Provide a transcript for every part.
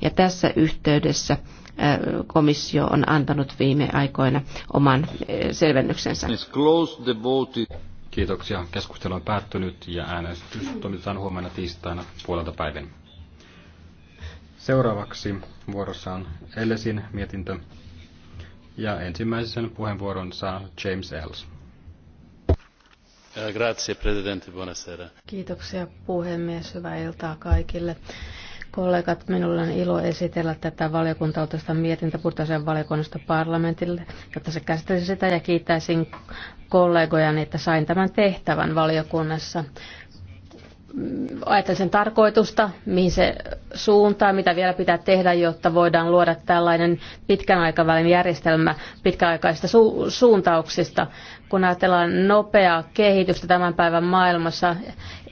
Ja tässä yhteydessä komissio on antanut viime aikoina oman selvennyksensä. Kiitoksia. Keskustelu on päättynyt ja äänestys toimitetaan huomenna tiistaina puolelta päivän. Seuraavaksi vuorossa on Ellesin mietintö ja ensimmäisen puheenvuoron saa James Ells. Grazie, Kiitoksia puhemies. Hyvää iltaa kaikille. Kollegat, minulla on ilo esitellä tätä valiokuntaa mietintä Purtaisen valiokunnasta parlamentille, jotta se käsittelisi sitä ja kiittäisin kollegojani, että sain tämän tehtävän valiokunnassa ajattelen sen tarkoitusta, mihin se suuntaa, mitä vielä pitää tehdä, jotta voidaan luoda tällainen pitkän aikavälin järjestelmä pitkäaikaisista su- suuntauksista. Kun ajatellaan nopeaa kehitystä tämän päivän maailmassa,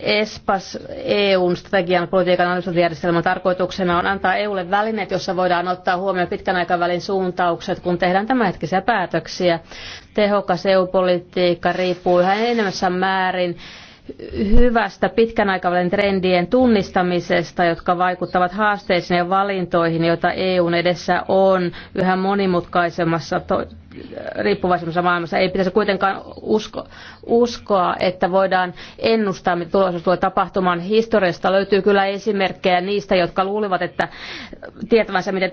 ESPAS, EUn strategian politiikan analysointijärjestelmän tarkoituksena on antaa EUlle välineet, jossa voidaan ottaa huomioon pitkän aikavälin suuntaukset, kun tehdään tämänhetkisiä päätöksiä. Tehokas EU-politiikka riippuu yhä enemmässä määrin hyvästä pitkän aikavälin trendien tunnistamisesta, jotka vaikuttavat haasteisiin ja valintoihin, joita EUn edessä on yhä monimutkaisemmassa to- riippuvaisemmassa maailmassa. Ei pitäisi kuitenkaan usko, uskoa, että voidaan ennustaa, mitä tulossa tulee tapahtumaan. Historiasta löytyy kyllä esimerkkejä niistä, jotka luulivat, että tietävänsä, miten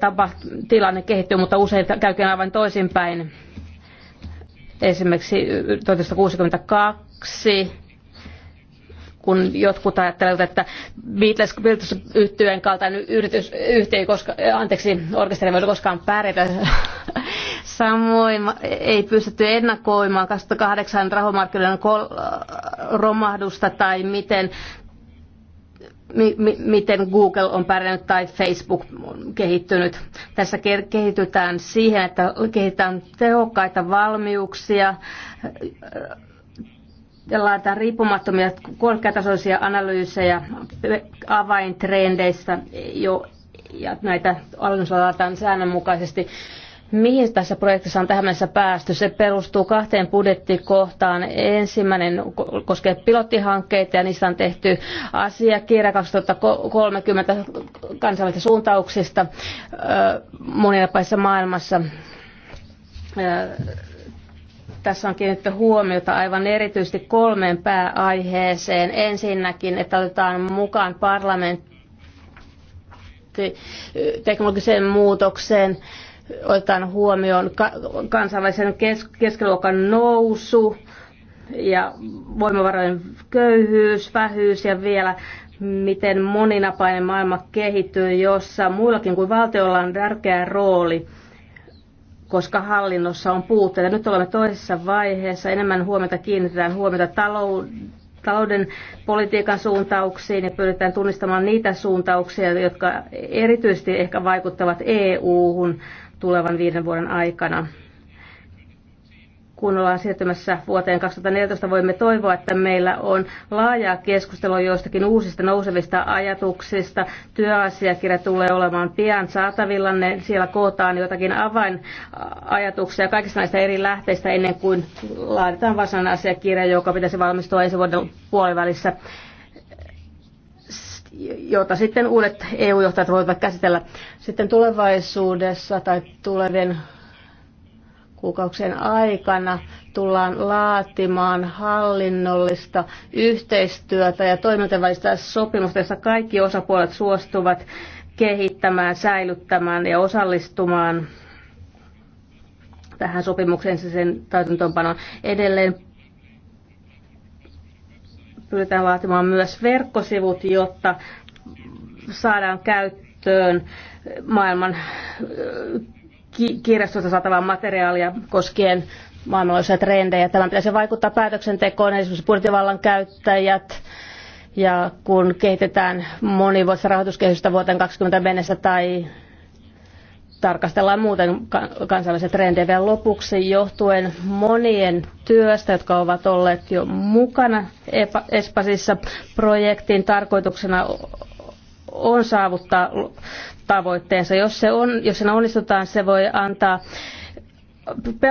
tilanne kehittyy, mutta usein käykin aivan toisinpäin. Esimerkiksi 1962 kun jotkut ajattelevat, että Beatles, Beatles yhtyeen kaltainen yritys, yhtiö koska, anteeksi, orkesteri voi koskaan pärjätä. Samoin ei pystytty ennakoimaan 2008 rahomarkkinoiden romahdusta tai miten mi, miten Google on pärjännyt tai Facebook on kehittynyt. Tässä kehitytään siihen, että kehitetään tehokkaita valmiuksia, laitetaan riippumattomia korkeatasoisia analyysejä avaintrendeistä jo, ja näitä alennusta laitetaan säännönmukaisesti. Mihin tässä projektissa on tähän mennessä päästy? Se perustuu kahteen budjettikohtaan. Ensimmäinen koskee pilottihankkeita ja niistä on tehty asiakirja 2030 kansainvälisistä suuntauksista monilla paissa maailmassa tässä on kiinnitetty huomiota aivan erityisesti kolmeen pääaiheeseen. Ensinnäkin, että otetaan mukaan parlamentti teknologiseen muutokseen, otetaan huomioon kansainvälisen keskiluokan nousu ja voimavarojen köyhyys, vähyys ja vielä miten moninapainen maailma kehittyy, jossa muillakin kuin valtiolla on tärkeä rooli – koska hallinnossa on puutteita. Nyt olemme toisessa vaiheessa. Enemmän huomiota kiinnitetään huomiota talouden politiikan suuntauksiin ja pyritään tunnistamaan niitä suuntauksia, jotka erityisesti ehkä vaikuttavat EU-hun tulevan viiden vuoden aikana kun ollaan siirtymässä vuoteen 2014, voimme toivoa, että meillä on laajaa keskustelua joistakin uusista nousevista ajatuksista. Työasiakirja tulee olemaan pian saatavilla. Ne siellä kootaan jotakin avainajatuksia kaikista näistä eri lähteistä ennen kuin laaditaan varsinainen asiakirja, joka pitäisi valmistua ensi vuoden puolivälissä jota sitten uudet EU-johtajat voivat käsitellä sitten tulevaisuudessa tai tulevien kuukausien aikana tullaan laatimaan hallinnollista yhteistyötä ja toimintavälistä sopimusta, jossa kaikki osapuolet suostuvat kehittämään, säilyttämään ja osallistumaan tähän sopimukseen siis sen täytäntöönpanoon. Edelleen pyritään laatimaan myös verkkosivut, jotta saadaan käyttöön maailman kirjastosta saatavaa materiaalia koskien maailmanlaajuisia trendejä. Tämä pitäisi vaikuttaa päätöksentekoon, esimerkiksi budjettivallan käyttäjät, ja kun kehitetään monivuotista rahoituskehitystä vuoteen 20 mennessä tai tarkastellaan muuten kansainvälisiä trendejä vielä lopuksi johtuen monien työstä, jotka ovat olleet jo mukana Espasissa. E projektin tarkoituksena on saavuttaa tavoitteensa. Jos se on, jos sen onnistutaan, se voi antaa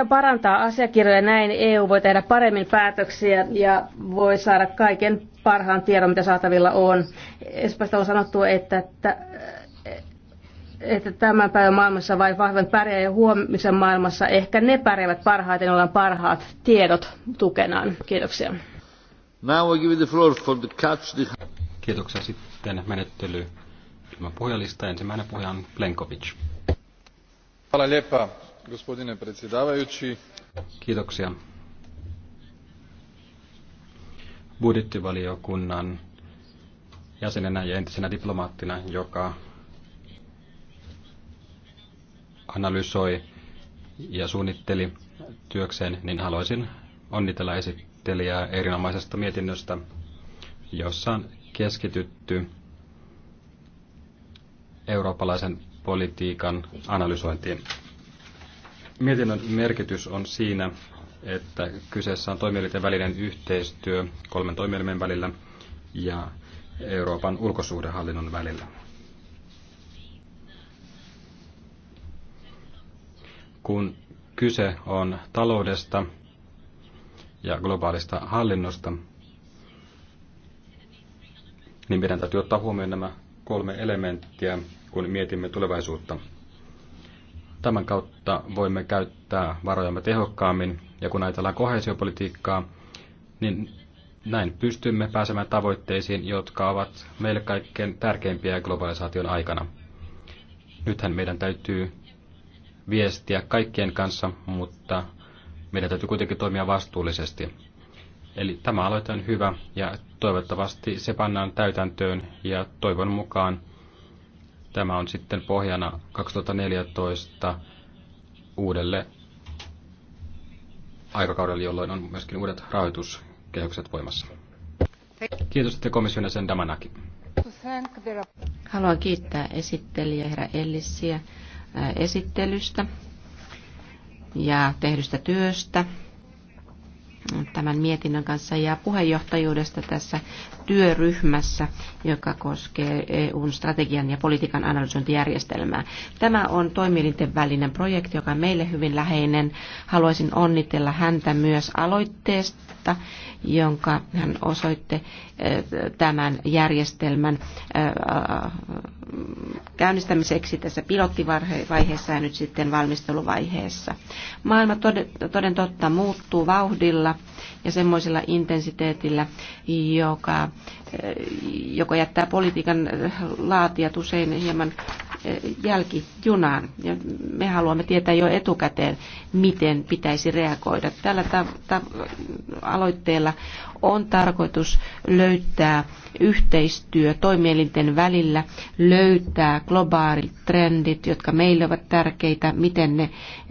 parantaa asiakirjoja näin EU voi tehdä paremmin päätöksiä ja voi saada kaiken parhaan tiedon, mitä saatavilla on. Espanjasta on sanottu, että, että tämän päivän maailmassa vain vahvan pärjää ja huomisen maailmassa ehkä ne pärjäävät parhaiten, joilla on parhaat tiedot tukenaan. Kiitoksia. Now give the floor for the catch the... Kiitoksia sitten menettely ilman puhujalista. Ensimmäinen puhuja on Plenkovic. Hvala lijepa, gospodine predsjedavajući. Kiitoksia. Budjettivaliokunnan jäsenenä ja entisenä diplomaattina, joka analysoi ja suunnitteli työkseen, niin haluaisin onnitella esittelijää erinomaisesta mietinnöstä, jossa on keskitytty eurooppalaisen politiikan analysointiin. Mietinnön merkitys on siinä, että kyseessä on toimielinten välinen yhteistyö kolmen toimielimen välillä ja Euroopan ulkosuhdehallinnon välillä. Kun kyse on taloudesta ja globaalista hallinnosta, niin meidän täytyy ottaa huomioon nämä kolme elementtiä, kun mietimme tulevaisuutta. Tämän kautta voimme käyttää varojamme tehokkaammin, ja kun ajatellaan kohesiopolitiikkaa, niin näin pystymme pääsemään tavoitteisiin, jotka ovat meille kaikkein tärkeimpiä globalisaation aikana. Nythän meidän täytyy viestiä kaikkien kanssa, mutta meidän täytyy kuitenkin toimia vastuullisesti. Eli tämä aloite on hyvä ja toivottavasti se pannaan täytäntöön ja toivon mukaan tämä on sitten pohjana 2014 uudelle aikakaudelle, jolloin on myöskin uudet rahoituskehykset voimassa. Kiitos sitten komission sen Damanaki. Haluan kiittää esittelijä herra Ellissiä esittelystä ja tehdystä työstä tämän mietinnön kanssa ja puheenjohtajuudesta tässä työryhmässä, joka koskee EUn strategian ja politiikan analysointijärjestelmää. Tämä on toimielinten välinen projekti, joka on meille hyvin läheinen. Haluaisin onnitella häntä myös aloitteesta, jonka hän osoitte eh, tämän järjestelmän eh, käynnistämiseksi tässä pilottivaiheessa ja nyt sitten valmisteluvaiheessa. Maailma toden totta muuttuu vauhdilla tasolla ja semmoisella intensiteetillä, joka, eh, joka jättää politiikan eh, laatijat usein hieman jälkijunaan. Ja me haluamme tietää jo etukäteen, miten pitäisi reagoida. Tällä aloitteella on tarkoitus löytää yhteistyö toimielinten välillä, löytää globaalit trendit, jotka meille ovat tärkeitä, miten ne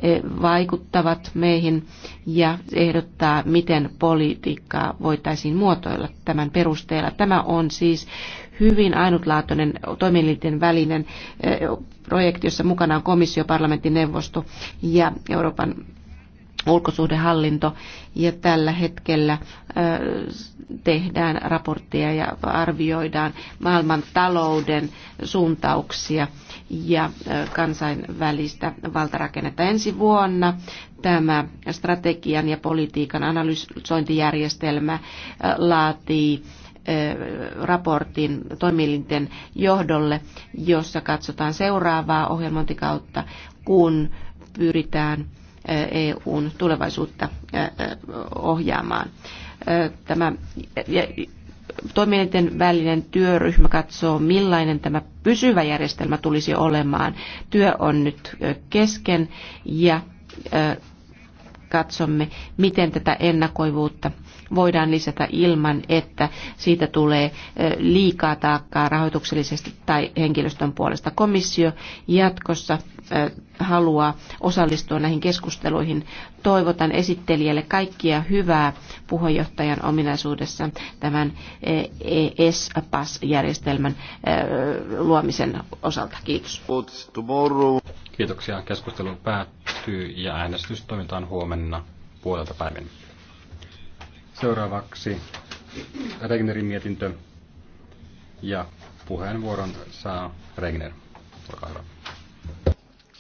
eh, vaikuttavat meihin ja ehdottaa, miten politiikkaa voitaisiin muotoilla tämän perusteella. Tämä on siis hyvin ainutlaatuinen toimielinten välinen eh, projekti, jossa mukana on komissio, parlamentin neuvosto ja Euroopan ulkosuhdehallinto ja tällä hetkellä eh, tehdään raportteja ja arvioidaan maailman talouden suuntauksia ja eh, kansainvälistä valtarakennetta. Ensi vuonna tämä strategian ja politiikan analysointijärjestelmä laatii Eh, raportin toimielinten johdolle, jossa katsotaan seuraavaa ohjelmointikautta, kun pyritään eh, EUn tulevaisuutta eh, ohjaamaan. Tämä toimielinten välinen työryhmä katsoo, millainen tämä pysyvä järjestelmä tulisi olemaan. Työ on nyt kesken ja katsomme, miten tätä ennakoivuutta voidaan lisätä ilman, että siitä tulee liikaa taakkaa rahoituksellisesti tai henkilöstön puolesta. Komissio jatkossa haluaa osallistua näihin keskusteluihin. Toivotan esittelijälle kaikkia hyvää puheenjohtajan ominaisuudessa tämän ESPAS-järjestelmän luomisen osalta. Kiitos. Kiitoksia. Keskustelu päättyy päättyy ja äänestys toimitaan huomenna puolelta päivän. Seuraavaksi Regnerin mietintö ja puheenvuoron saa Regner. Olkaa hyvä.